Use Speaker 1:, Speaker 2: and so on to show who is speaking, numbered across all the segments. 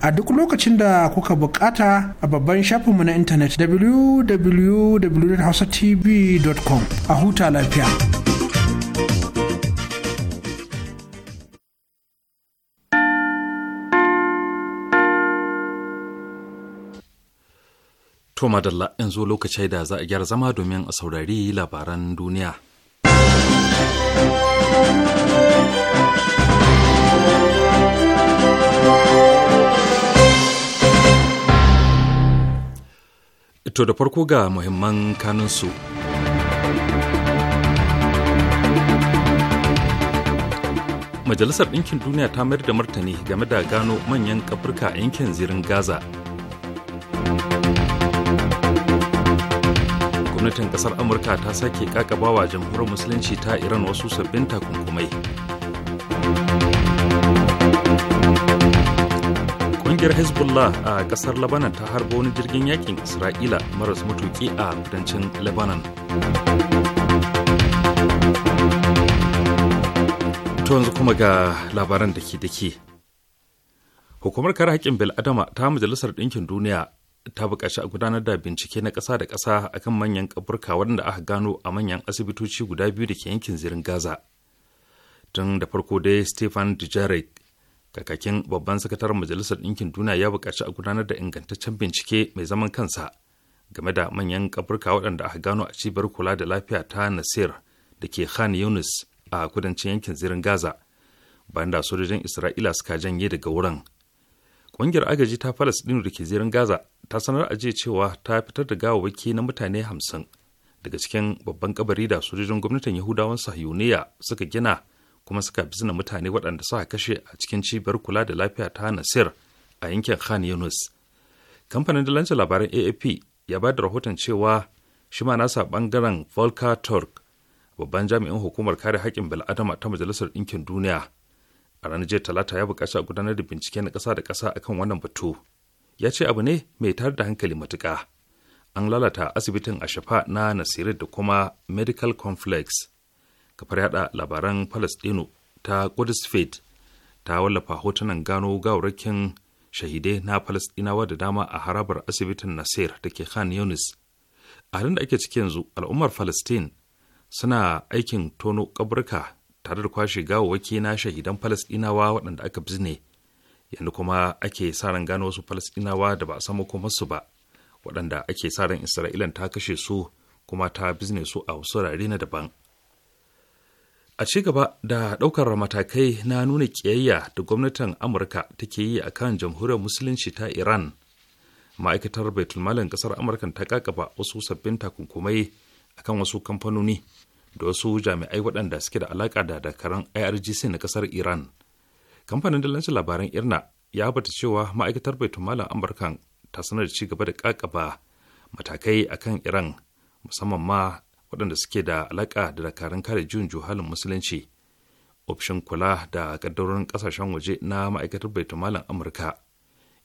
Speaker 1: a duk lokacin da kuka bukata a babban shafinmu na intanet www.hausatv.com a huta lafiya.
Speaker 2: To madalla yanzu lokacin da za a gyara zama domin a saurari labaran duniya. To da farko ga muhimman kanunsu. Majalisar Ɗinkin Duniya ta mayar da martani game da gano manyan kafirka a yankin zirin Gaza. Gwamnatin ƙasar Amurka ta sake kakabawa jamhuriyar Musulunci ta Iran wasu sabbin takunkumai. kungiyar Hezbollah a ƙasar Lebanon ta harba wani jirgin yakin Isra'ila maras matuƙi a kudancin Lebanon. To yanzu kuma ga labaran da ke dake. Hukumar kare haƙƙin bil'adama ta Majalisar Ɗinkin Duniya ta buƙaci a gudanar da bincike na ƙasa da ƙasa akan manyan ƙaburka waɗanda aka gano a manyan asibitoci guda biyu da ke yankin zirin Gaza. Tun da farko dai Stefan Dujarric kakakin babban sakataren majalisar ɗinkin duniya ya buƙaci a gudanar da ingantaccen bincike mai zaman kansa game da manyan kaburka waɗanda aka gano a cibiyar kula da lafiya ta nasir da ke khan yunus a kudancin yankin zirin gaza bayan da sojojin isra'ila suka janye daga wurin ƙungiyar agaji ta falasɗinu da ke zirin gaza ta sanar a jiya cewa ta fitar da gawawwaki na mutane hamsin daga cikin babban kabari da sojojin gwamnatin yahudawan sahiyuniya suka gina kuma suka bizina mutane waɗanda suka kashe a cikin cibiyar kula da lafiya ta Nasir a yankin Khan Yunus. Kamfanin dalancin labaran AAP ya ba da rahoton cewa shi ma nasa bangaren Volker Turk, babban jami'in hukumar kare haƙƙin bil'adama ta Majalisar Ɗinkin Duniya. A ranar jiya Talata ya buƙaci a gudanar da bincike na ƙasa da ƙasa akan wannan batu. Ya ce abu ne mai tare da hankali matuƙa. An lalata asibitin Ashafa na Nasiru da kuma Medical Complex. kafar yada labaran palestino ta Qudus Fate ta wallafa hotunan gano gawarakin shahidai na Falasɗinawa da dama a harabar asibitin Nasir da ke Khan Yunis. A halin da ake ciki yanzu, al'ummar palestine suna aikin tono kaburka tare da kwashe gawawwaki na shahidan Falasɗinawa waɗanda aka bizne, yanzu kuma ake sa ran gano wasu Falasɗinawa da ba a samu su ba, waɗanda ake sa ran Isra'ilan ta kashe su kuma ta bizne su a wasu rare na daban. a ci gaba da ɗaukar matakai na nuna ƙiyayya da gwamnatin amurka take yi a kan jamhuriyar musulunci ta iran ma'aikatar baitulmalin ƙasar amurka ta kakaba wasu sabbin takunkumai akan wasu kamfanoni da wasu jami'ai waɗanda suke da alaƙa da dakarun irgc na ƙasar iran kamfanin dillancin labaran irna ya bata cewa ma'aikatar baitulmalin amurka ta sanar da ci gaba da kakaba matakai a kan iran musamman ma waɗanda suke da alaƙa da dakarun kare jin juhalin musulunci ofishin kula da ƙaddarorin ƙasashen waje na ma'aikatar baitulmalin amurka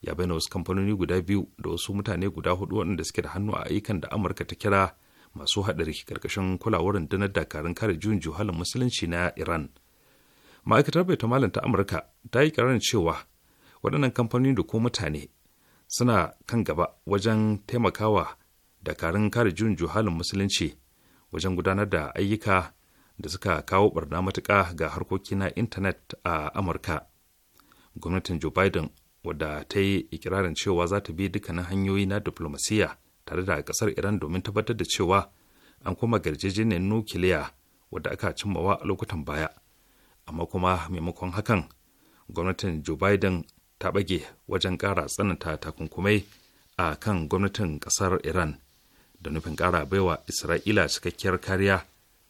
Speaker 2: ya bayyana wasu kamfanoni guda biyu da wasu mutane guda hudu waɗanda suke da hannu a ayyukan da amurka ta kira masu haɗari ƙarƙashin kulawar rundunar dakarun kare jin juhalin musulunci na iran ma'aikatar baitulmalin ta amurka ta yi ƙirarin cewa waɗannan kamfanoni da ko mutane suna kan gaba wajen taimakawa dakarun kare jin juhalin musulunci wajen gudanar da ayyuka da suka kawo barna matuƙa ga harkoki na intanet a amurka gwamnatin joe biden wadda ta yi ikirarin cewa za ta bi dukkanin hanyoyi na diplomasiya tare da kasar iran domin tabbatar da cewa an koma garjejeniyar nukiliya wadda aka cimmawa a lokutan baya amma kuma maimakon hakan gwamnatin joe biden ta bage wajen ƙara tsananta takunkumai a kan gwamnatin ƙasar iran da nufin ƙara baiwa isra'ila cikakkiyar kariya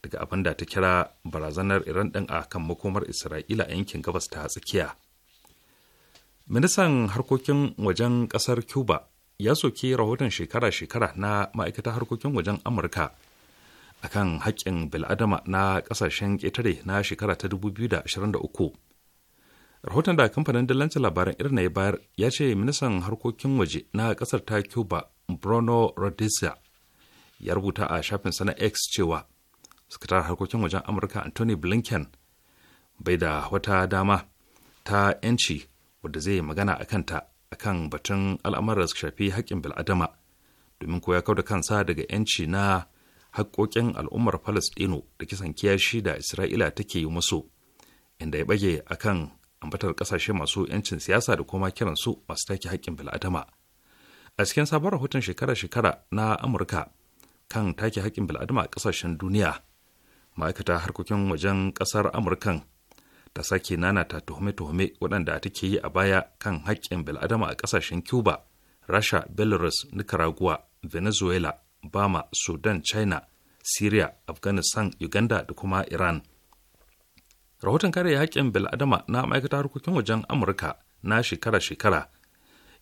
Speaker 2: daga abin da ta kira barazanar iran ɗin a kan makomar isra'ila a yankin gabas ta tsakiya ministan harkokin wajen ƙasar cuba ya soki rahoton shekara-shekara na ma'aikatar harkokin wajen amurka a kan haƙƙin bil'adama na ƙasashen ƙetare na shekara ta 2023 rahoton da kamfanin dillancin labaran na ya bayar ya ce ministan harkokin waje na ƙasar ta cuba bruno rodizia ya rubuta a shafin sana X cewa sakatar harkokin wajen Amurka Anthony Blinken bai da wata dama ta 'yanci wadda zai magana a kanta a kan batun al'amuran su shafi haƙƙin bil'adama domin ko ya kau da kansa daga 'yanci na haƙƙoƙin al'ummar Falasɗinu da kisan kiyashi da Isra'ila take yi musu inda ya bage a kan ambatar ƙasashe masu 'yancin siyasa da kuma kiransu masu take haƙƙin bil'adama. a cikin sabon rahoton shekara-shekara na amurka kan take haƙƙin bil'adama a ƙasashen duniya ma'aikata harkokin wajen ƙasar amurkan ta sake ta tuhume-tuhume waɗanda take yi a baya kan haƙƙin bil'adama a ƙasashen cuba rasha belarus nicaragua venezuela bama sudan china syria afghanistan uganda da kuma iran rahoton kare haƙƙin bil'adama na maaikata harkokin wajen amurka na shekara-shekara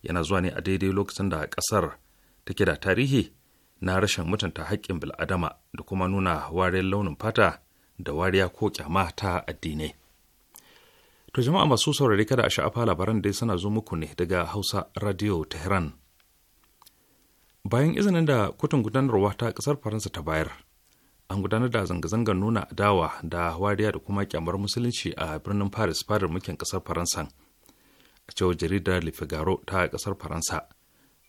Speaker 2: yana zuwa ne a daidai lokacin da ƙasar take da tarihi na rashin mutunta haƙƙin bil'adama da kuma nuna wariyar launin fata da wariya ko kyama ta addinai. To jama'a masu saurari kada a sha'afa labaran dai suna zo muku ne daga Hausa Radio Tehran. Bayan izinin da kutun gudanarwa ta ƙasar Faransa ta bayar, an gudanar da zanga-zangar nuna adawa da wariya da kuma kyamar musulunci a birnin Paris fadar mukin ƙasar Faransa. A cewar jaridar Le Figaro ta ƙasar Faransa,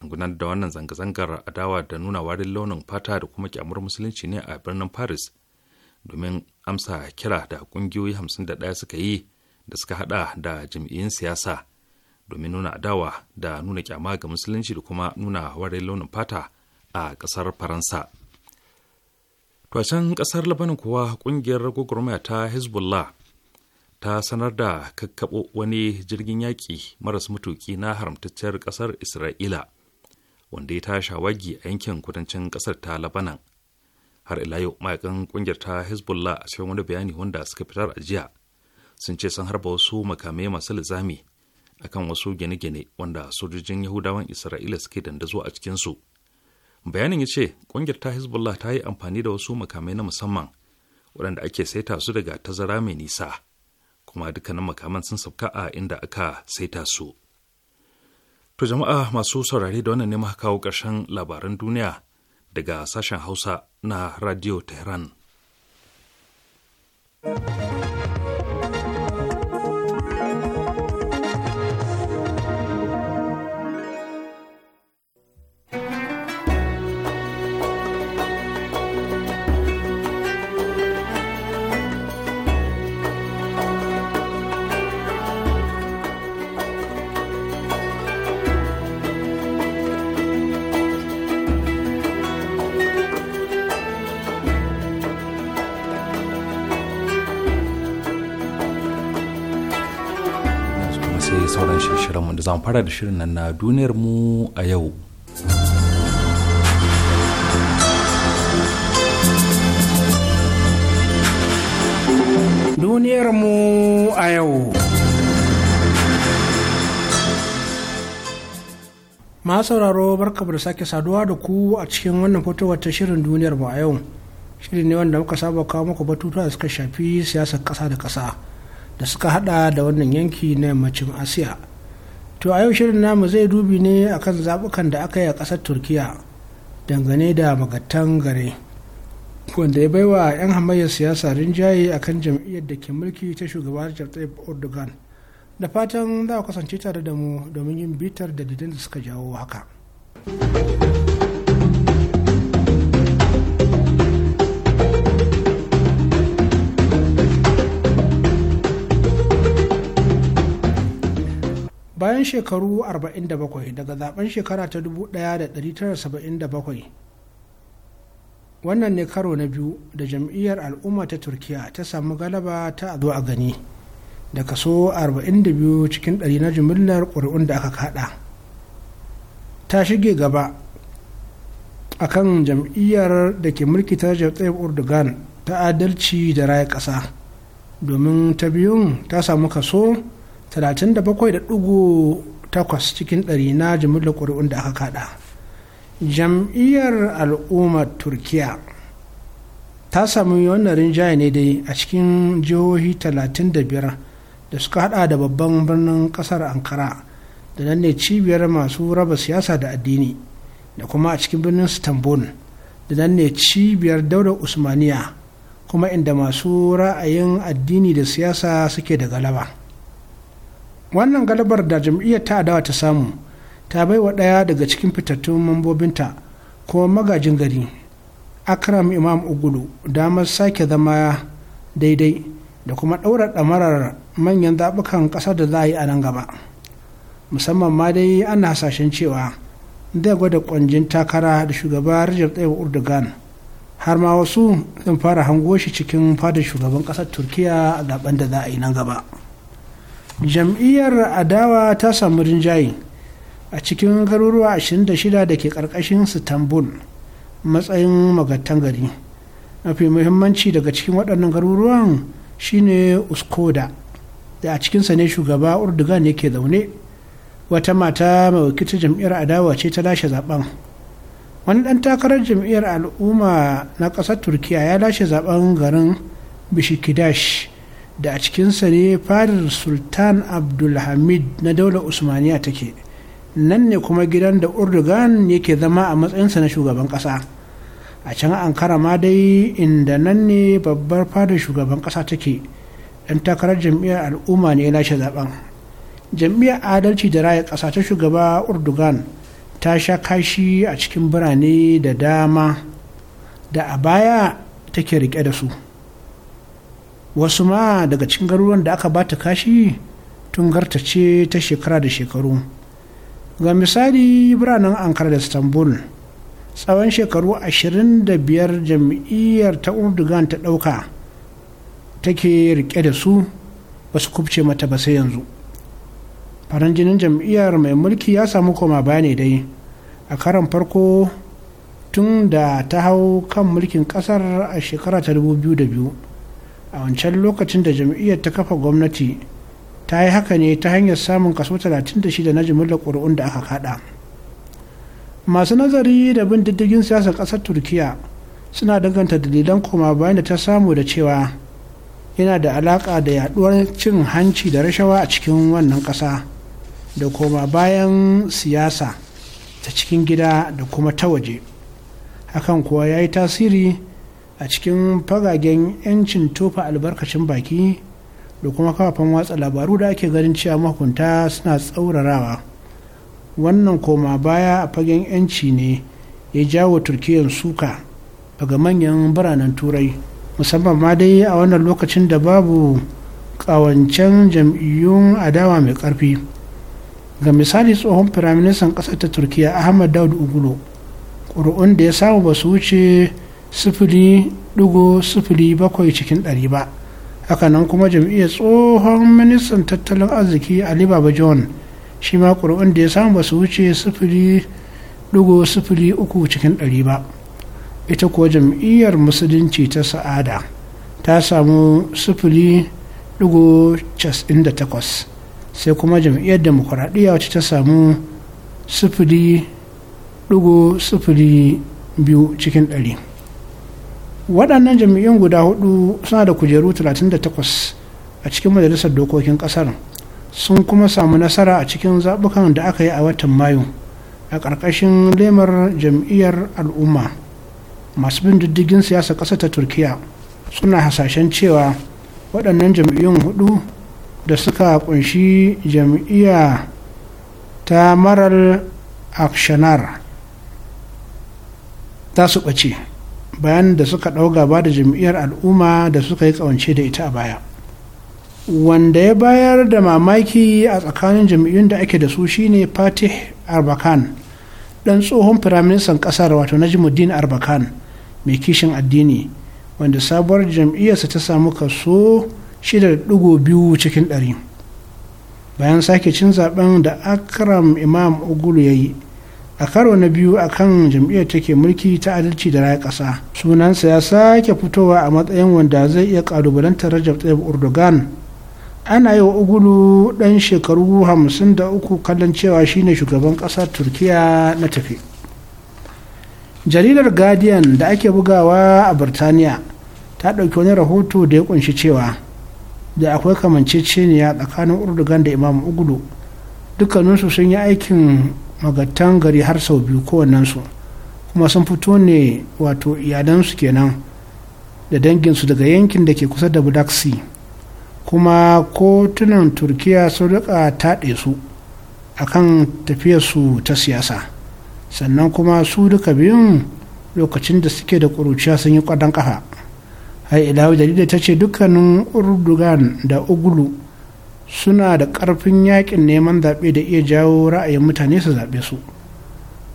Speaker 2: gudanar da wannan zanga-zangar adawa da nuna warin launin fata da kuma kyamar musulunci ne a birnin paris domin amsa kira da kungiyoyi hamsin da ɗaya suka yi da suka hada da jam'iyyun siyasa domin nuna adawa da nuna kyama ga musulunci da kuma nuna warin launin fata a ƙasar faransa to ƙasar kasar labanin kuwa ƙungiyar gwagwarmaya ta hezbollah ta sanar da kakkaɓo wani jirgin yaƙi maras mutuki na haramtacciyar ƙasar isra'ila wanda ya ta shawagi a yankin kudancin kasar ta labanan har ila yau mayakan kungiyar ta hezbollah a cikin wani bayani wanda suka fitar a jiya sun ce sun harba wasu makamai masu lizami akan wasu gine-gine wanda sojojin yahudawan isra'ila suke dandazo a cikinsu bayanin ya ce kungiyar ta hezbollah ta yi amfani da wasu makamai na musamman waɗanda ake saita su daga tazara mai nisa kuma dukkanin makaman sun sauka a inda aka saita su To jama'a masu saurare da wannan ne muka kawo ƙarshen labaran duniya daga sashen Hausa na Radio Tehran. za mu fara da shirin nan na duniyar mu a yau.
Speaker 1: Duniyar mu a yau. Ma sauraro da sake saduwa da ku a cikin wannan fitowar ta shirin duniyar mu a yau. Shirin ne wanda muka saba kawo muku batutuwa da suka shafi siyasar ƙasa da ƙasa da suka hada da wannan yanki na yammacin Asiya. to a yau shirin namu zai dubi ne akan zabukan da aka yi a ƙasar turkiya dangane da magatan gare wanda ya baiwa 'yan hamayyar siyasa rinjaye akan jam'iyyar da ke mulki ta shugabar Recep Tayyip Erdogan da fatan za a kasance tare da mu domin yin bitar da didin da suka jawo haka. bayan shekaru 47 daga zaben shekara ta 1977 wannan ne karo na biyu da jam'iyyar al'umma ta turkiya ta samu galaba ta zo a gani da kaso 42 cikin 100 na jimillar ƙuri'un da aka kada ta shige gaba a kan jam'iyyar da ke mulki ta Recep urdugan ta adalci da raya ƙasa domin ta biyun ta samu kaso 37.8 cikin ɗari na jimillar ƙuri'un da aka kada jam'iyyar al'ummar turkiya ta sami wannan rinjaye ne dai a cikin jihohi 35 da suka hada da babban birnin kasar ankara da nan ne cibiyar masu raba siyasa da addini da kuma a cikin birnin istanbul da nan ne cibiyar daular usmaniya kuma inda masu ra'ayin addini da siyasa suke da galaba. wannan galibar da jam'iyyar ta adawa ta samu ta bai wa ɗaya daga cikin fitattun mambobinta ko magajin gari akram imam ugulu damar sake zama daidai da kuma ɗaura ɗamarar manyan zaɓukan ƙasar da za a yi a nan gaba musamman ma dai ana hasashen cewa zai gwada ƙwanjin takara da shugaba rijar tsaye urdugan har ma wasu zan fara hango shi cikin fadar shugaban ƙasar Turkiya a zaɓen da za a yi nan gaba. jam'iyyar adawa ta samu rinjaye a cikin garuruwa 26 da ke karkashin istanbul matsayin magatan gari mafi muhimmanci daga cikin waɗannan garuruwan shine uskoda da a cikinsa ne shugaba urdugan yake zaune wata mata mai wakilta jam'iyyar adawa ce ta lashe zaben wani ɗan takarar jam'iyyar al'umma na ƙasar turkiya ya lashe zaben garin bishikidash da a cikinsa ne fadar sultan abdulhamid na daular usmaniya take nan ne kuma gidan da urdugan yake zama a matsayinsa na shugaban ƙasa a can ankara ma dai inda nan ne babbar fadar shugaban ƙasa take ɗan takarar jam'iyyar al'umma ne ya lashe zaben jam'iyyar adalci da raya ƙasa ta shugaba urdugan ta sha kashi a cikin birane da dama da a baya take rike da su wasu ma daga cikin garuruwan da aka bata kashi tun gartace ta shekara da shekaru ga misali biranen ankara da istanbul tsawon shekaru 25 jam'iyyar ta urdugan ta ɗauka take rike da su wasu kubce mata ba sai yanzu faran jinin jam'iyyar mai mulki ya samu koma ne dai a karan farko tun da ta hau kan mulkin kasar a shekara ta 2002 a wancan lokacin da jam'iyyar ta kafa gwamnati ta yi haka ne ta hanyar samun kaso 36 na jimillar ƙuri'un da aka kada masu nazari da bin diddigin siyasar ƙasar turkiya suna danganta dalilan koma bayan da ta samu da cewa yana da alaƙa da yaduwar cin hanci da rashawa a cikin wannan ƙasa da koma bayan siyasa ta cikin gida da kuma ta waje hakan kuwa ya yi tasiri a cikin fagagen 'yancin tofa albarkacin baki da kuma kafafen watsa labaru da ake ganin cewa mahukunta suna tsaurarawa wannan koma baya a fagen 'yanci ne ya jawo turkiyyar suka daga manyan biranen turai musamman ma dai a wannan lokacin da babu kawancen jam'iyyun adawa mai karfi ga misali tsohon firaministan ƙasar ta turkiya ahmad daud ugulo ƙuri'un da ya samu ba su wuce bakwai cikin ɗari ba hakanan kuma jam'iyyar tsohon ministan tattalin arziki ali baba john shi ma ƙuri'un da ya samu ba su wuce uku cikin ɗari ba ita kuwa jam'iyyar musulunci ta sa'ada ta samu takwas sai kuma jam'iyyar demokuraɗiyya wacce ta samu biyu cikin ɗari. waɗannan jami'in guda hudu suna da kujeru 38 a cikin majalisar dokokin ƙasar sun kuma samu nasara a cikin zaɓukan da aka yi a watan mayu a ƙarƙashin lemar jam'iyyar al'umma masu bin diddigin siyasa ƙasa ta turkiya suna hasashen cewa waɗannan jam'iyyun hudu da suka kunshi jam'iyya ta marar akshanar ta su ɓace bayan da suka ɗau gaba da jam'iyyar al'umma da suka yi tsawance da ita a baya wanda ya bayar da mamaki a tsakanin jam'iyyun da ake da su shine fatih arbakan ɗan tsohon firaministan ƙasar wato najimuddin arbakan mai kishin addini wanda sabuwar jam'iyyarsa ta samu kaso 6.2 cikin ɗari. bayan sake cin zaben da akram imam ugulu ya yi a karo na biyu a kan jam'iyyar take mulki ta adalci da raya ƙasa sunansa ya sake fitowa a matsayin wanda zai iya ƙalubalantar rajab tsaye urdogan ana yi wa ugulu ɗan shekaru hamsin da uku kallon cewa shine shugaban ƙasar turkiya na tafi jaridar guardian da ake bugawa a birtaniya ta ɗauki wani rahoto da ya kunshi cewa da akwai kamanceceniya tsakanin urdogan da imam ugulu dukkaninsu sun yi aikin magattan gari har sau biyu kowannensu kuma sun fito ne wato iyalansu kenan da danginsu daga yankin da ke kusa da black sea kuma kotunan turkiya sun rika taɗe su akan tafiyarsu ta siyasa sannan kuma su duka biyun lokacin da suke da ƙuruciya sun yi ƙwadon ƙafa har ila jarida ta ce dukkanin urdugan da ugulu suna da ƙarfin yakin neman zaɓe da iya jawo ra'ayin mutane su zaɓe su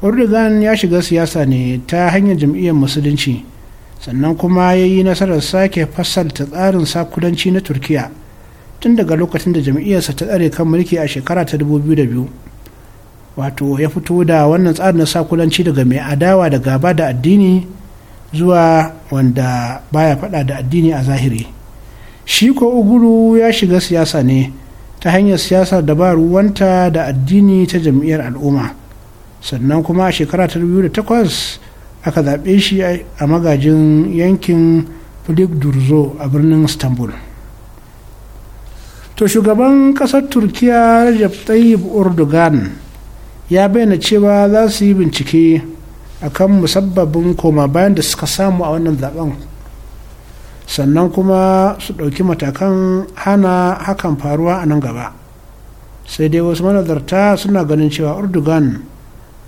Speaker 1: urdugan ya shiga siyasa ne ta hanyar jam'iyyar musulunci sannan kuma ya yi nasarar sake fasalta tsarin sakudanci na turkiya tun daga lokacin da jam'iyyarsa ta tsare kan mulki a shekara ta 2002 wato ya fito da wannan tsarin na sakudanci daga mai adawa da gaba da addini zuwa wanda baya faɗa da addini a zahiri shi ko uguru ya shiga siyasa ne ta hanyar siyasa da ba ruwanta da addini ta jam'iyyar al'umma sannan kuma a shekara ta takwas aka zaɓe shi a magajin yankin filip durzo a birnin istanbul to shugaban ƙasar turkiya rajab tayyib urdugan ya bayyana cewa za su yi bincike akan musabbabin koma bayan da suka samu a wannan zaben sannan kuma su ɗauki matakan hana hakan faruwa a nan gaba sai dai wasu manazarta suna ganin cewa urdugan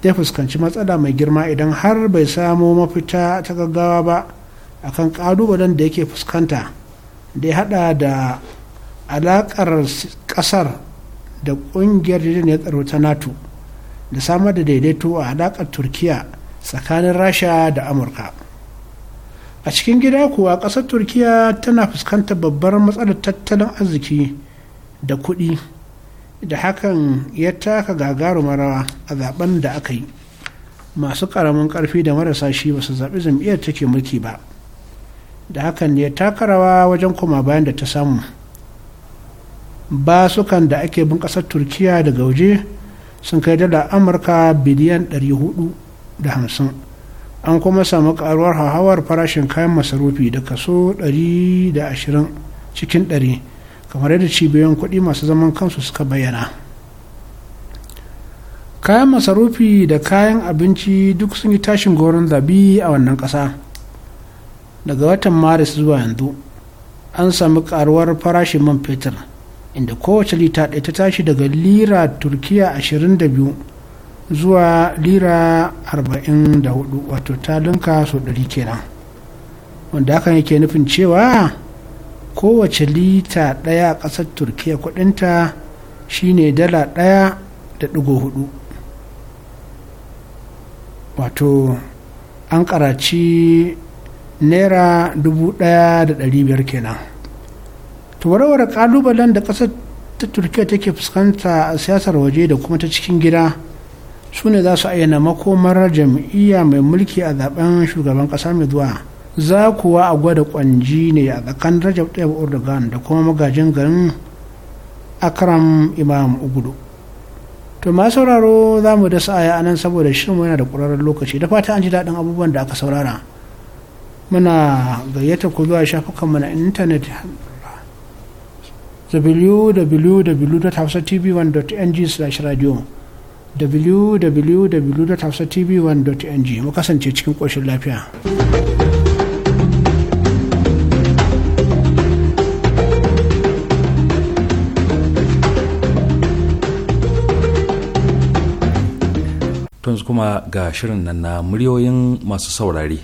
Speaker 1: ya fuskanci matsala mai girma idan har bai samo mafita ta gaggawa ba a kan ƙalubalen da yake fuskanta da ya hada da alaƙar ƙasar da ƙungiyar jirgin tsaro ta nato da samar da daidaito a alaƙar turkiya tsakanin rasha da amurka a cikin gida kuwa ƙasar turkiya tana fuskantar babbar matsalar tattalin arziki da kuɗi da hakan ya taka gagarumar a zaben da aka yi masu ƙaramin ƙarfi da marasa shi ba su zaɓi jam'iyyar take mulki ba da hakan ne taka rawa wajen koma bayan da ta samu basukan da ake bin ƙasar turkiya daga waje sun kai dala amurka biliyan 450 an kuma samu karuwar hauhawar farashin kayan masarufi da kaso 120 cikin 100 kamar yadda cibiyoyin kuɗi masu zaman kansu suka bayyana kayan masarufi da kayan abinci duk sun yi tashin goron zabi a wannan ƙasa daga watan maris zuwa yanzu an sami karuwar farashin man fetur inda kowace lita ɗaya ta tashi daga lira turkiya 22 zuwa lira 44 wato talinka so 100 kenan wanda hakan yake nufin cewa kowace lita ɗaya a ƙasar turkiya kudinta shine dala ɗaya da ɗigo hudu wato an karaci naira dubu ɗaya da ɗari biyar kenan to warware ƙalubalen da ƙasar ta turkiya take fuskanta a siyasar waje da kuma ta cikin gida su ne za su ayyana makomar jam'iyya mai mulki a zaben shugaban kasa mai zuwa za kuwa a gwada kwanji ne a tsakan rajab ɗaya urdugan da kuma magajin garin akram imam ugudu to ma sauraro za mu da sa'aya anan saboda shirinmu yana da ƙwararren lokaci da fata an ji daɗin abubuwan da aka saurara muna gayyata ku zuwa shafukanmu na intanet www.hafsatv1.ng/radio wwwtv 1ng mu kasance cikin ƙoshin lafiya.
Speaker 2: Tunzu kuma ga shirin nan na muryoyin masu saurari.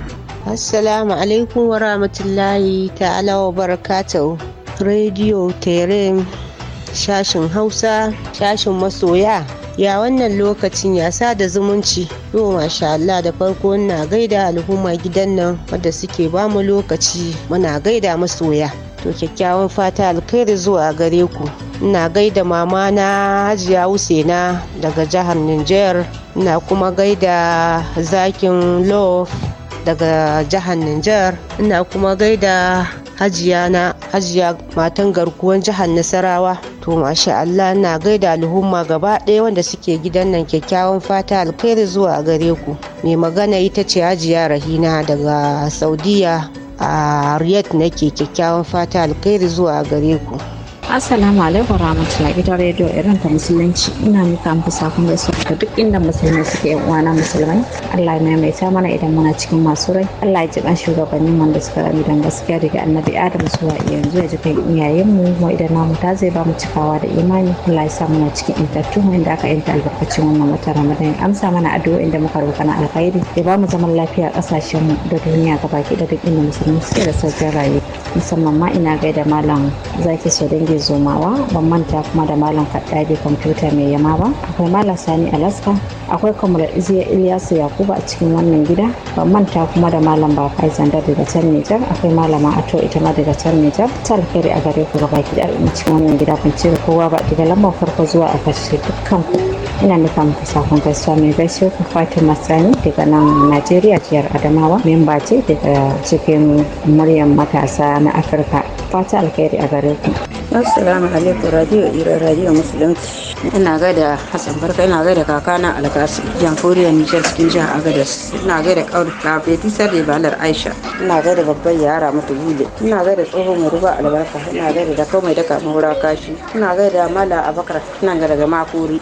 Speaker 3: Assalamu alaikum wa rahmatullahi ta'ala wa barakatuh Radio Terim shashin Hausa, shashin masoya. Ya wannan lokacin ya sa da zumunci. Yau masha Allah da farko na gaida al'umma gidan nan wadda suke bamu lokaci muna gaida masoya. To kyakkyawan fata alkhairi zuwa gare ku. Ina gaida mama na Hajiya Husaina daga jihar Niger. Ina kuma gaida zakin Love daga jihar Nijar ina kuma gaida hajiya na hajiya matan garkuwan jihar Nasarawa to masha Allah ina gaida al'umma gaba ɗaya wanda suke gidan nan kyakkyawan fata alkhairi zuwa gare ku mai magana ita ce hajiya Rahina daga Saudiya a riyad nake kyakkyawan fata alkhairi
Speaker 4: zuwa gare ku Assalamu alaikum warahmatullahi ita rediyo irin ta musulunci ina muka muku sakon gaisuwa da duk inda musulmai suke yan uwana musulmai Allah ya maimaita mana idan muna cikin masu rai Allah ya ji ban shugabannin wanda suka rami dan gaskiya daga annabi Adam zuwa yanzu ya ji kan iyayen mu mu idan namu ta zai ba mu cikawa da imani Allah ya sa muna cikin intattu inda aka yanta albarkacin wannan wata Ramadan amsa mana addu'o inda muka roƙa na alkhairi ya ba mu zaman lafiya kasashen mu da duniya gabaki da duk inda musulmai suke da sauƙin rayuwa musamman ma ina gaida malam zaki so dange zomawa ban manta kuma da malam kaddabi kwamfuta mai yama ba akwai malam sani alaska akwai kamar iziya ilyasu yakuba a cikin wannan gida ban manta kuma da malam ba kai zanda daga can nijar akwai malama ato ita ma daga can nijar ta alheri a gare ku gaba ki cikin wannan gida kun ce kowa ba daga lambar farko zuwa a kashe dukkan ku ina nufa muku sakon gaisuwa mai gaisuwa ku fatima sani daga nan najeriya jihar adamawa memba ce daga cikin muryan matasa na afirka fata alkhairi a gare ku
Speaker 3: assalamu alaikum radio iran radio musulunci ina gaida hassan barka ina gaida kakana alkasi jamhuriya nijar cikin jihar agadas ina gaida kauri kafeti da balar aisha ina gaida babban yara mata gule ina gaida tsohon mai ruba albarka ina gaida da kawai daga mawura kashi ina gaida mala abakar ina gaida da makuri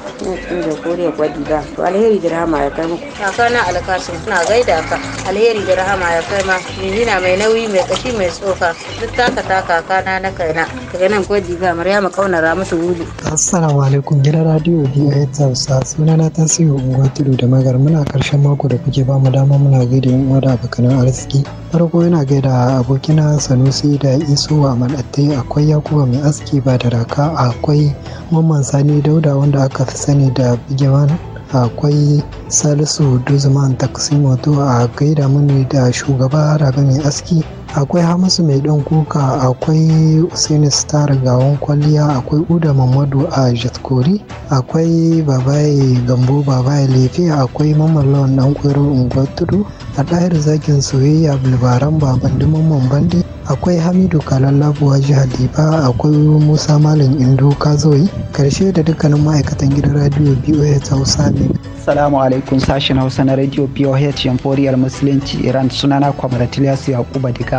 Speaker 3: ne da gwadi to alheri da rahama ya kai muku
Speaker 4: kaka na alkasim suna gaida ka
Speaker 3: alheri da rahama ya kai ma mijina mai nauyi mai kashi mai tsoka duk taka ta kaka na na kaina daga nan ba maryama ra musu wuri
Speaker 5: assalamu alaikum gidan radio biyu hausa suna na tasiri unguwa tudu da magar muna karshen mako da kuke ba mu dama muna gaida yan uwa da abokanan arziki farko yana gaida abokina sanusi da iso a malatte akwai yakuba mai aski ba da raka akwai mamman sani dauda wanda aka fi sani da bigiman akwai salisu duzman taksimoto a gaida mini da shugaba rabe mai aski akwai hamisu mai ɗan kuka akwai usaini star gawon kwalliya akwai uda mamadu a jatkori akwai babaye gambo babaye lefe akwai mamallon ɗan kwero ungwatudu a ɗahir zakin soyayya bulbaran baban mamman bandi akwai hamidu kalallabuwa jihar diba akwai musa malam indo kazoyi karshe da dukkanin ma'aikatan gidan radio boh hausa ne Assalamu alaikum sashen hausa na radio boh yamforiyar musulunci iran sunana kwamratiliyasu yakuba diga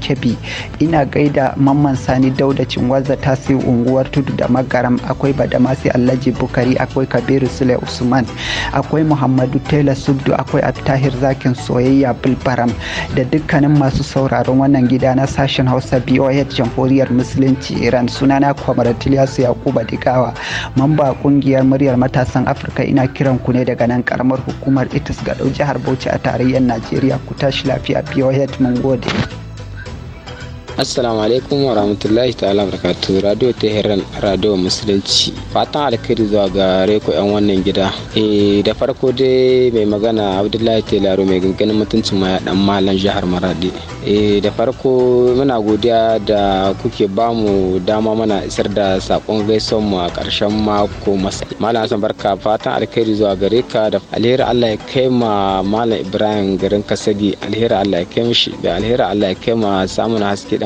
Speaker 5: kebbi ina gaida mamman sani dauda cinwaza tasi unguwar tudu da magaram akwai badamasi alhaji bukari akwai kabiru sule usman akwai muhammadu tela subdu akwai abtahir zakin soyayya bilbaram da dukkanin masu sauraron wannan gida na sashen hausa boh jamhuriyar musulunci iran sunana kwamaratiliyasu yakuba digawa mamba kungiyar muryar matasan afirka ina kiran ku ne daga nan karamar hukumar itis ga jihar bauchi a tarayyar najeriya ku tashi lafiya boh mun gode.
Speaker 6: assalamu alaikum wa rahmatullahi ta'ala barakatu radio teheran radio musulunci fatan alkhairi zuwa ga reko yan wannan gida eh da farko dai mai magana abdullahi telaro mai ganganin mutuncin ma dan malam jihar maradi eh da farko muna godiya da kuke bamu dama mana isar da sakon gaison mu a karshen mako malam hasan barka fatan alkhairi zuwa gare ka da alheri Allah ya kai ma malam ibrahim garin kasagi alheri Allah ya kai mishi da alheri Allah ya kai ma samun haske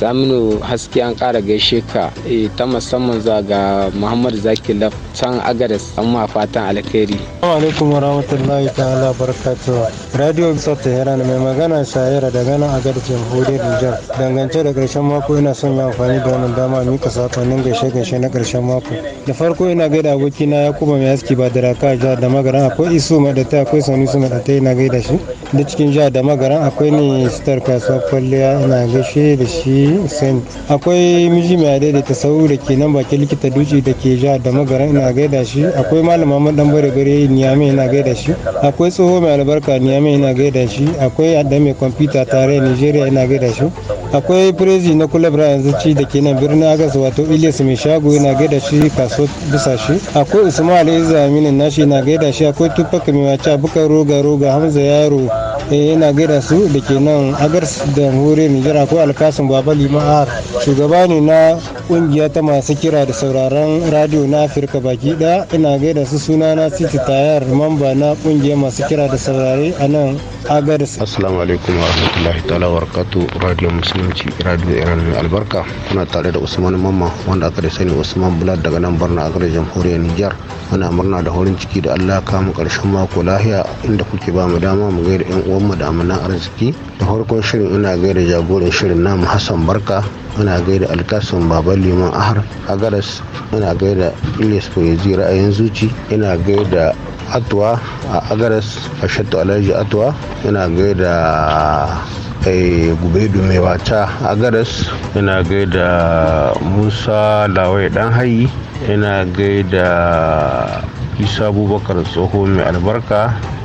Speaker 6: saminu haske an kara gaishe ka eh, ta musamman za ga muhammad zaki laf can agadas an ma fatan alkhairi
Speaker 7: alaikum wa rahmatullahi ta'ala barakatuh radio bisar na mai magana shayara daga nan agadar jamhuriyar nijar dangance da karshen mako ina son yi amfani da wannan dama mika sakonnin gaishe gaishe na karshen mako da farko ina gaida abokina yakuba mai haske ba daraka raka jihar da magaran akwai isu mai da ta akwai sanu su mai da ta ina gaida shi da cikin jihar da magaran akwai ne sitar kasuwar kwalliya ina gaishe da shi Akwai miji mai daidaita sau da ke nan bakin likita duci da ke ja da magaran ina gaida shi. Akwai malama dan bare bare Niyame ina gaida shi. Akwai tsoho mai albarka Niyame ina gaida shi. Akwai adda mai kwamfuta tare Nigeria ina gaida shi. Akwai prezi na kula yanzu ci da ke nan birnin Agas wato Ilyas mai shago ina gaida shi kaso bisa Akwai Usman Ali Zaminin nashi ina gaida shi. Akwai Tufaka mai wace bukar roga roga Hamza yaro eh yana gaida su da ke nan agars da hure nijar ko alkasin baba lima'ar shugaba ne na kungiya ta masu kira da sauraron radio na afirka baki daya ina gaida su suna na city tayar mamba na kungiyar masu kira da saurare a nan
Speaker 8: agars assalamu alaikum wa rahmatullahi ta'ala wa barakatu radio musulunci radio iran albarka kuna tare da usman mamma wanda aka da sani usman bulat daga nan barna agars jamhuriyar wani muna murna da horin ciki da allah kamu karshen mako lahiya inda kuke ba mu dama mu gaida yan uwa uwanmu da amanan arziki da farkon shirin ina gaida jagoran shirin namu hassan barka ina gaida alkasun baban liman ahar agaras ina gaida ilis poezi ra'ayin zuci ina gaida atuwa a agaras a shatta alhaji atuwa ina gaida eh, gubedu mai wata garas ina gaida musa lawai dan hayi ina gaida isa abubakar tsoho mai albarka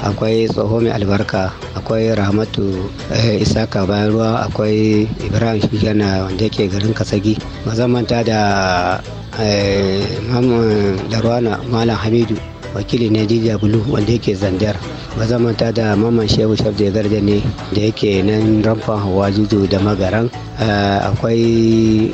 Speaker 9: akwai tsoho mai albarka akwai rahmatu eh, isaka bayan ruwa akwai ibrahim shugana wanda yake garin kasagi mazamanta da eh, darwana malam hamidu wakili ne dija bulu wanda yake zandar mazamanta da Mamman shehu shabda garda ne da yake nan ramfan hawa juju da magaran eh, akwai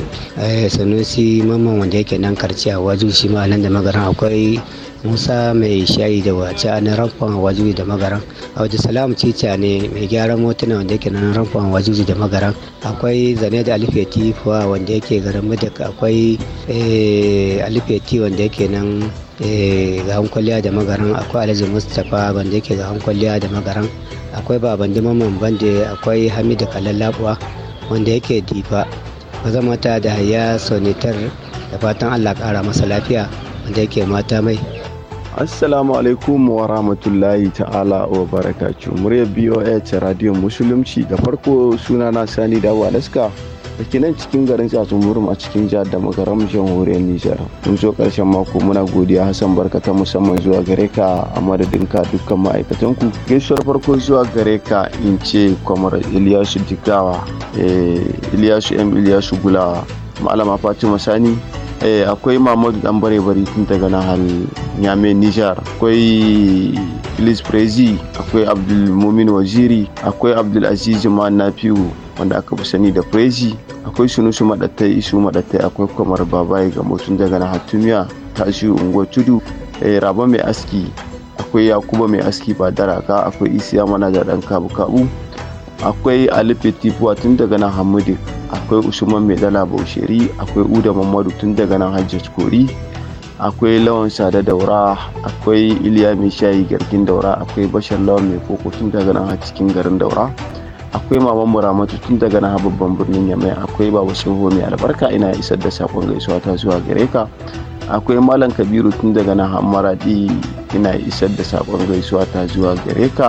Speaker 9: sanusi Mamman wanda yake nan karciya wajen shi ma nan da magaran akwai musa mai shayi da wace a nan ramfon wajuji da magaran A abdu salamu cica ne mai gyaran motuna wanda yake nan ramfon wajuji da magaran akwai zane da alifeti fuwa wanda yake garin madaka akwai eh, alifeti wanda yake nan eh, ga hankwaliya da magaran akwai alhaji mustapha wanda yake ga hankwaliya da magaran akwai baban dimaman bande akwai hamidu kalalabuwa wanda yake difa maza mata da haya sonitar da fatan allah kara masa lafiya wanda yake mata mai
Speaker 10: Assalamu alaikum wa rahmatullahi ta'ala wa barakatu. Muryar BOH Radio Musulunci da farko suna na Sani Dawo Alaska. da nan cikin garin Tsatsun a cikin jihar da magaram jamhuriyar Nijar. Mun zo karshen mako muna godiya Hassan Barka ta musamman zuwa gare ka a madadinka dukkan ma'aikatanku. Gaisuwar farko zuwa gare ka in ce kwamar Iliyasu Dikawa, eh, Iliyasu M Iliyasu Gulawa, Malama Fatima Sani, Eh, akwai Mahmud dan bare bari tun daga nahal Nyame Nijar akwai Ilis Prezi akwai Abdul Mumin Waziri akwai Abdul Aziz Juman Nafiu wanda aka fi sani da Prezi akwai su Madattai Isu Madattai akwai Kwamar Babaye ga motsin daga nahal Tumiya Tashi Unguwar Tudu eh, Raba Mai Aski akwai Yakuba Mai Aski ba daraka. akwai Isiya Manaja Dan Kabu Kabu akwai ali petipuwa tun daga nan hamudi akwai usman mai dala bausheri akwai uda mamadu tun daga nan hajjaj kori akwai lawan sada daura akwai iliya mai shayi garkin daura akwai bashar lawan mai koko tun daga nan cikin garin daura akwai maman muramatu tun daga nan babban birnin yamai akwai baba soho mai albarka ina isar da sakon gaisuwa ta zuwa gare ka akwai malam kabiru tun daga nan hamaradi ina isar da sakon gaisuwa ta zuwa gare ka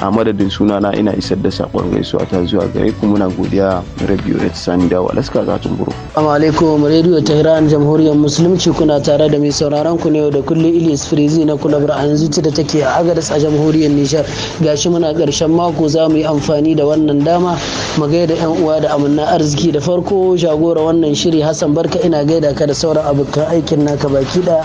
Speaker 10: a madadin sunana ina isar da sakon gaisuwa ta zuwa gare ku muna godiya radio red sani da alaska zatin buru
Speaker 11: alaikum radio tehran jamhuriyar musulunci kuna tare da mai sauraron ku ne da kullum ilis frizi na kulabar anzuci da take a agadas a jamhuriyar nishar gashi muna karshen mako za mu yi amfani da wannan dama mu gaida yan uwa da amanna arziki da farko jagora wannan shiri hassan barka ina gaida ka da sauran abokan aikin naka baki da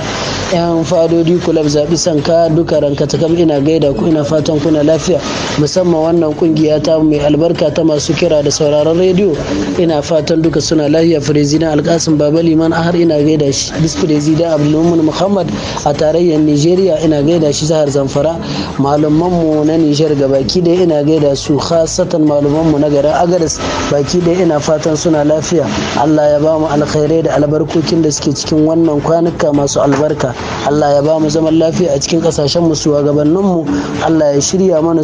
Speaker 11: yan fadodi kulab zabi sanka duka ranka ta kam ina gaida ku ina fatan kuna lafiya musamman wannan kungiya ta mai albarka ta masu kira da sauraron rediyo ina fatan duka suna lafiya firezina alkasim baba liman har ina gaida shi bisfirezida abdulmumin muhammad a tarayyar nigeria ina gaida shi zahar zamfara malamanmu na niger ga baki ɗaya ina gaida su khasatan malamanmu na garin agadas baki ɗaya ina fatan suna lafiya allah ya ba mu alkhairai da albarkokin da suke cikin wannan kwanuka masu albarka allah ya ba mu zaman lafiya a cikin ƙasashen mu su mu allah ya shirya mana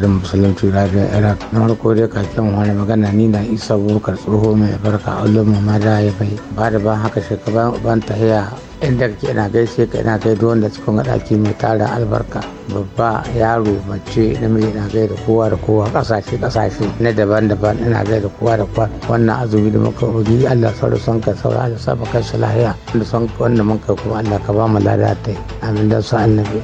Speaker 6: da musulunci radiyon iraq na farko dai kakin wani magana ni na isa bukar tsoho mai barka allah mama mada ya bai ba da ban haka shekaru ban haya inda ke ina gaishe ka ina gai da cikin ɗaki mai tarin albarka babba yaro mace mai ina gai da kowa da kowa ƙasashe ƙasashe na daban-daban ina gai da kowa da kowa wannan azumi da muka ugi Allah sauri son ka saura da sa baka shi lahiya wanda son wanda muka kuma Allah ka ba mu lada ta amin da su annabi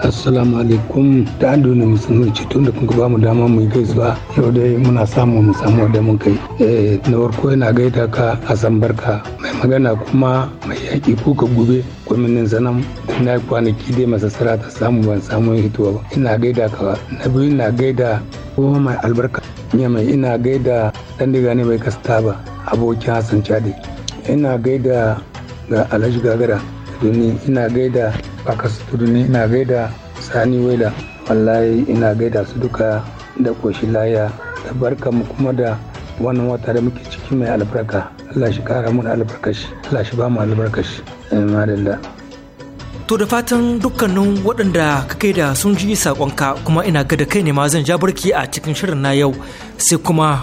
Speaker 12: assalamu alaikum ta an duniya musulmi ce tun da kuka bamu dama mu gaisuwa yau dai muna samu mu samu da mun kai eh, na farko yana gaida ka a san barka mai magana
Speaker 6: kuma mai yaƙi kuka gube gwamnatin sanan na kwanaki dai masasara ta samu ban samu hituwa ba ina gaida ka na biyu ina gaida kuma mai albarka ya mai ina gaida dan diga ne bai kasta ba abokin hassan cadi ina gaida ga alhaji gagara ina gaida Baka Suturu ne ina gaida Sani Wela. Wallahi ina gaida su duka da koshi laya da barka
Speaker 12: mu kuma da wannan wata da muke ciki mai albarka. Allah shi kara mun albarkashi. Allah shi
Speaker 6: ba mu albarkashi. Amin
Speaker 2: To da fatan dukkanin waɗanda
Speaker 12: ka kai da sun ji saƙonka kuma ina ga da kai ne ma zan ja barki a cikin shirin na yau sai kuma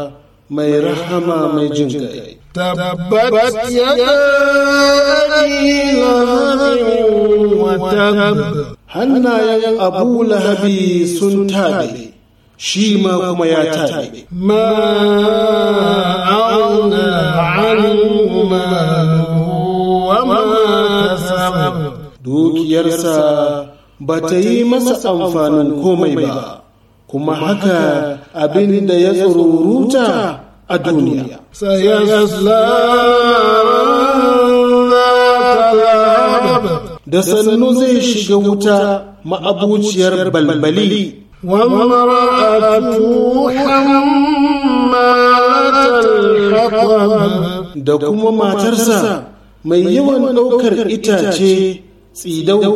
Speaker 12: mai rahama mai jin kai. Tabbat ya Hannayen
Speaker 13: Abu Lahabi sun tabe, shi ma kuma ya tabe. Ma
Speaker 8: ma
Speaker 12: Dukiyarsa ba ta yi masa amfanin komai ba. kuma haka abin da ya tsoruruta a duniya. Da sannu zai shiga wuta ma'abuciyar balbali. Da kuma matarsa mai yawan ɗaukar itace tsidau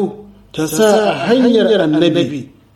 Speaker 12: ta sa hanyar annabi.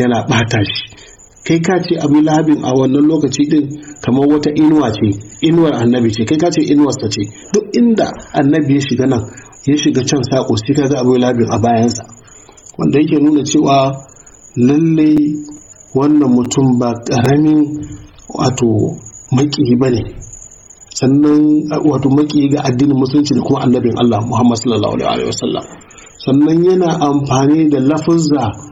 Speaker 12: yana ɓata shi kai ka ce abu labin a wannan lokaci din kamar wata inuwa ce inuwar annabi ce kai ka ce inuwar ta ce duk inda annabi ya shiga nan ya shiga can sako sai ka ga abu labin a bayansa wanda yake nuna cewa lalle wannan mutum ba karamin wato maki ba ne sannan wato maki ga addinin musulunci da kuma annabin Allah Muhammad sallallahu alaihi wasallam sannan yana amfani da lafuzza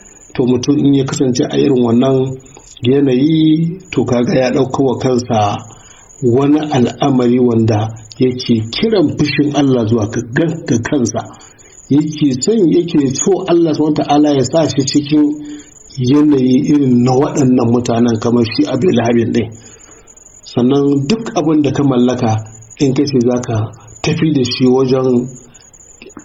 Speaker 12: to mutum in ya kasance a irin wannan yanayi to kaga ya ɗauka wa kansa wani al'amari wanda yake kiran fushin Allah zuwa ga kansa yake son yake so Allah subhanahu ta'ala ya sa shi cikin yanayi irin na waɗannan mutanen kamar shi abu lahabin ɗin sannan duk abin da ka mallaka in kace ka tafi da shi wajen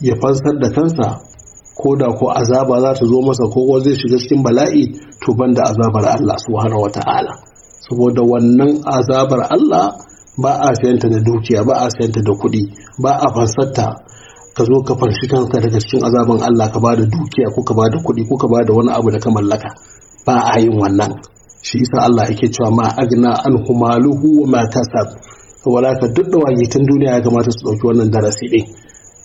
Speaker 12: ya fansar da kansa ko da ko azaba za ta zo masa ko zai shiga cikin bala'i to ban da azabar Allah subhanahu ta'ala saboda wannan azabar Allah ba a sayanta da dukiya ba a sayanta da kuɗi ba a fansarta ka zo ka farshi kanka daga cikin azaban Allah ka ba da dukiya ko ka bada kuɗi ko ka da wani abu da ka mallaka ba a yin wannan shi yasa Allah yake cewa ma agna an humaluhu wa ma wala ka duk duniya ya kamata su dauki wannan darasi din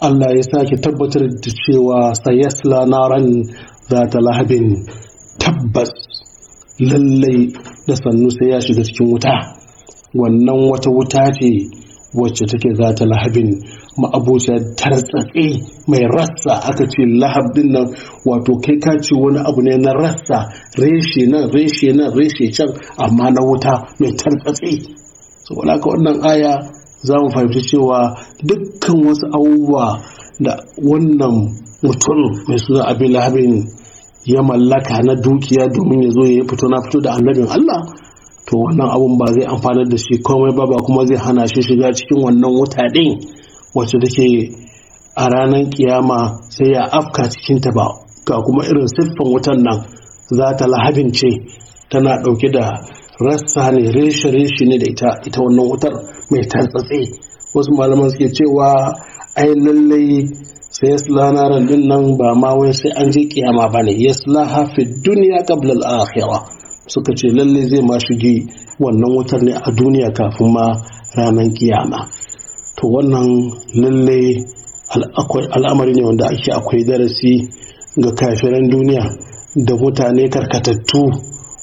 Speaker 12: Allah ya sake tabbatar da cewa sayasla naran za ta lahabin tabbas lallai da sannu sai ya shiga cikin wuta wannan wata wuta ce wacce take za ta lahabin ta tartsatse mai rassa aka ce lahab din nan wato kai ka ce wani abu ne na rassa reshe nan reshe nan reshe can amma na wuta mai tartsatse saboda haka wannan aya za mu fahimci cewa dukkan wasu abubuwa da wannan mutum mai suna abin lahabin ya mallaka na dukiya domin ya zo ya fito na fito da annabin Allah to wannan abun ba zai amfana da shi komai ba ba kuma zai hana shi shiga cikin wannan wuta ɗin wacce take a ranar kiyama sai ya afka cikinta ba ga kuma irin siffan wutan nan za ta lahabin ce tana ɗauke da rassa ne reshe-reshe ne da ita ita wannan wutar mai tantsatse wasu malaman suke cewa ai lallai sai yasla ran din nan ba ma wai sai an je kiyama ba ne yasla fi duniya qabla al-akhirah suka ce lallai zai ma shige wannan wutar ne a duniya kafin ma ranar kiyama to wannan lallai al'amari ne wanda ake akwai darasi ga kafiran duniya da mutane karkatattu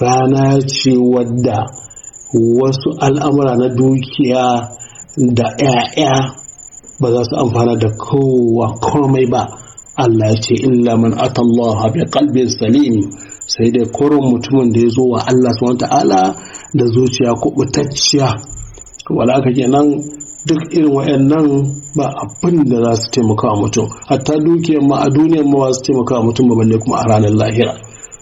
Speaker 12: rana ce wadda wasu al'amura na dukiya da 'ya'ya ba za su amfana da kowa komai ba Allah ce illa man atallaha bi qalbin salim sai dai koron mutumin da ya zo wa Allah subhanahu ta'ala da zuciya kubutacciya wala aka kenan duk irin wayannan ba abin da za su taimaka mutum hatta dukiyar ma a duniyar ma za su taimaka mutum ba balle kuma a ranar lahira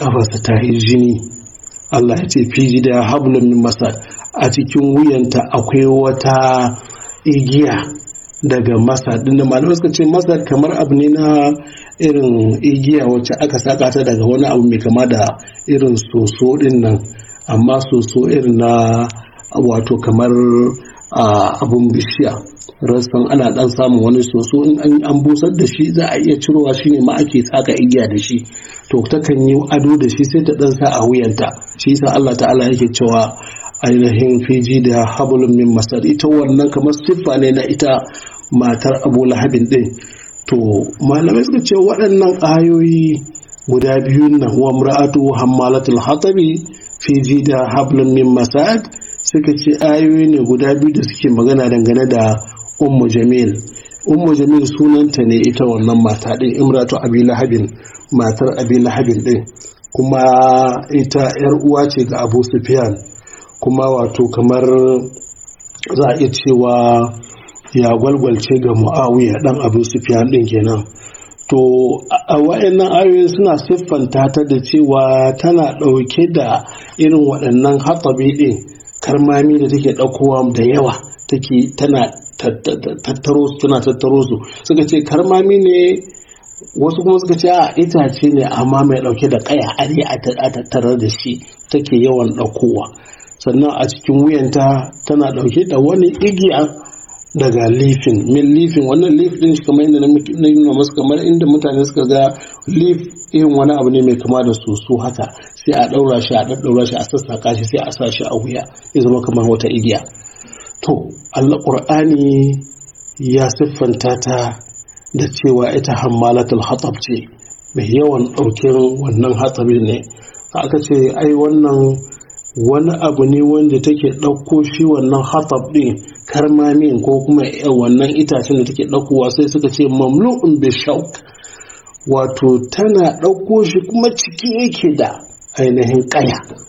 Speaker 12: ƙafarsa ta yi jini Allah ya ce fi da hablum min masar a cikin wuyanta akwai wata igiya daga masar din da malamai suka ce masar kamar abu ne na irin igiya wacce aka saka ta daga wani abu mai kama da irin soso din nan amma soso irin na wato kamar ah, abun bishiya rassan ana dan samun wani soso in an busar da shi za a iya cirowa shine ma ake tsaka igiya da shi to takan yi ado da shi sai ta dan sa a wuyanta shi yasa Allah ta'ala yake cewa ainihin fiji da hablum min masar ita wannan kamar siffa ne na ita matar Abu Lahab din to malamai suka ce waɗannan ayoyi guda biyu na wa mar'atu hammalatul hatabi fiji da hablum min masad suka ce ayoyi ne guda biyu da suke magana dangane da ummu jamil ummu jamil sunanta ne ita wannan mata ɗin, imratu abi lahabin matar abi lahabin ɗin kuma ita yar uwa ce ga abu sufyan kuma wato kamar za a iya cewa ya gwalgwalce ga muawiya ɗan abu sufyan ɗin kenan to a wa'annan ayoyin suna siffanta ta da cewa tana ɗauke da irin waɗannan hatsabi ɗin karmami da take ɗaukowa da yawa take tana tattaro su tattaro su suka ce karmami ne wasu kuma suka ce a itace ne amma mai dauke da kaya ne a tattara da shi take yawan ɗaukowa sannan a cikin wuyanta tana ɗauke da wani igiya daga lifin min lifin wannan lif din shi kamar inda na nuna masu kamar inda mutane suka ga lif irin wani abu ne mai kama da soso haka sai a daura shi a daddaura shi a sassaka shi sai a sa shi a wuya ya zama kamar wata igiya to Allah ƙur'ani ya siffanta ta da cewa ita hammalatul hatsab ce mai yawan ɗaukin wannan hatsabin ne aka ce ai wannan wani abu ne wanda take ɗauko shi wannan hatsab ɗin karmamin ko kuma eh, wannan itacen da take ɗaukowa sai suka ce mamlu'un bi shauk wato tana ɗauko shi kuma ciki yake da ainihin ƙaya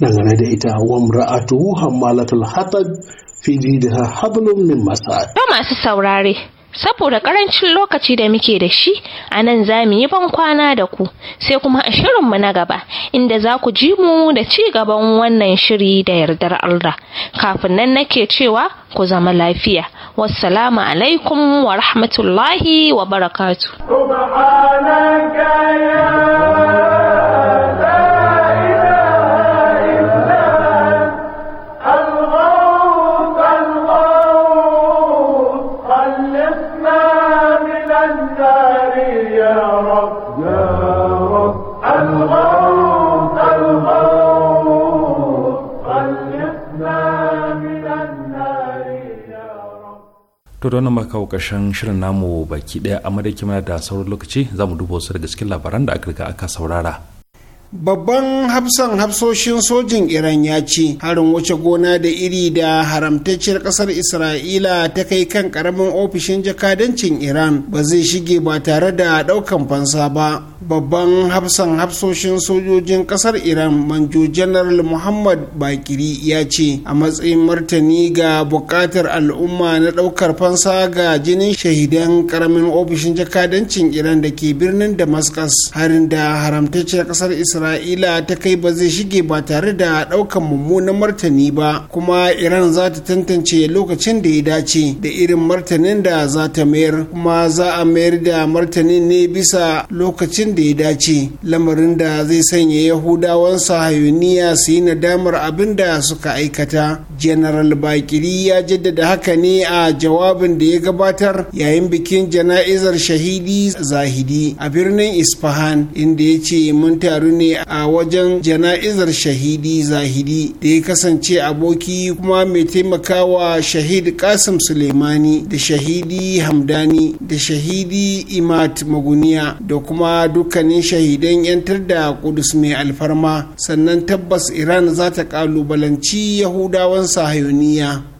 Speaker 12: dangane da ita wa hammalatul hatab fi jidha hablum min masad
Speaker 3: to masu saurare saboda karancin lokaci da muke da shi a nan za mu yi ban kwana da ku sai kuma a shirinmu na gaba inda za ku ji mu da ci gaban wannan shiri da yardar Allah kafin nan nake cewa ku zama lafiya wassalamu alaikum wa rahmatullahi wa barakatu
Speaker 2: to da wannan maka ƙarshen shirin namu baki ɗaya a madaki mana da sauran lokaci za mu duba wasu daga cikin labaran da aka riga aka saurara
Speaker 13: Babban hafsan hafsoshin sojin Iran ya ce harin wuce gona da iri da haramtacciyar ƙasar Isra'ila ta kai kan ƙaramin ofishin jakadancin Iran ba zai shige ba tare da ɗaukan fansa ba. babban hafsan hafsoshin sojojin kasar iran manjo janaral muhammad bakiri ya ce a matsayin martani ga bukatar al'umma na daukar fansa ga jinin shahidan karamin ofishin jakadancin iran da ke birnin damascus harin da haramtacciyar kasar isra'ila ta kai ba zai shige ba tare da daukan mummunan martani ba kuma iran za ta tantance lokacin da ya dace da irin martanin da za ta mayar kuma za a mayar da martanin ne bisa lokacin lokacin da ya dace lamarin da zai sanya yahudawan sahayuniya su yi nadamar abin da suka aikata general bakiri ya jaddada haka ne a jawabin da ya gabatar yayin bikin jana'izar shahidi zahidi a birnin isfahan inda ya ce mun taru ne a wajen jana'izar shahidi zahidi da ya kasance aboki kuma mai taimakawa shahid kasim suleimani da shahidi hamdani da shahidi imat maguniya da kuma dukkanin shahidan 'yantar da kudus mai alfarma sannan tabbas iran za ta kalubalanci yahudawan sahayoniya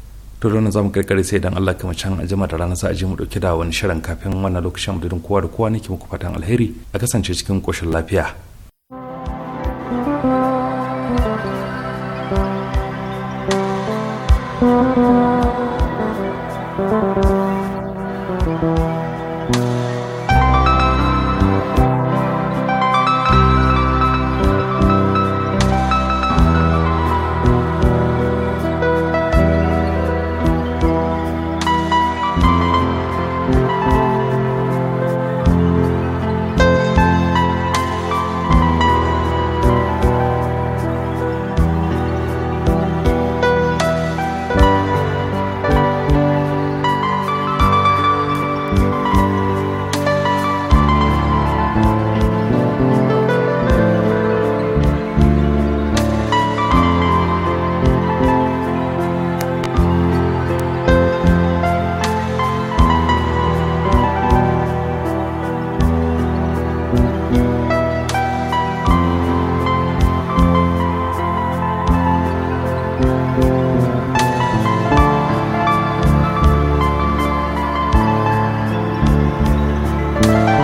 Speaker 2: dole nan zamu karkare sai dan Allah kuma can jima da rana sa aje mu dauki da wani shirin kafin wannan lokacin mu kowa da kowa nake muku fatan alheri a kasance cikin koshin lafiya
Speaker 8: Thank you.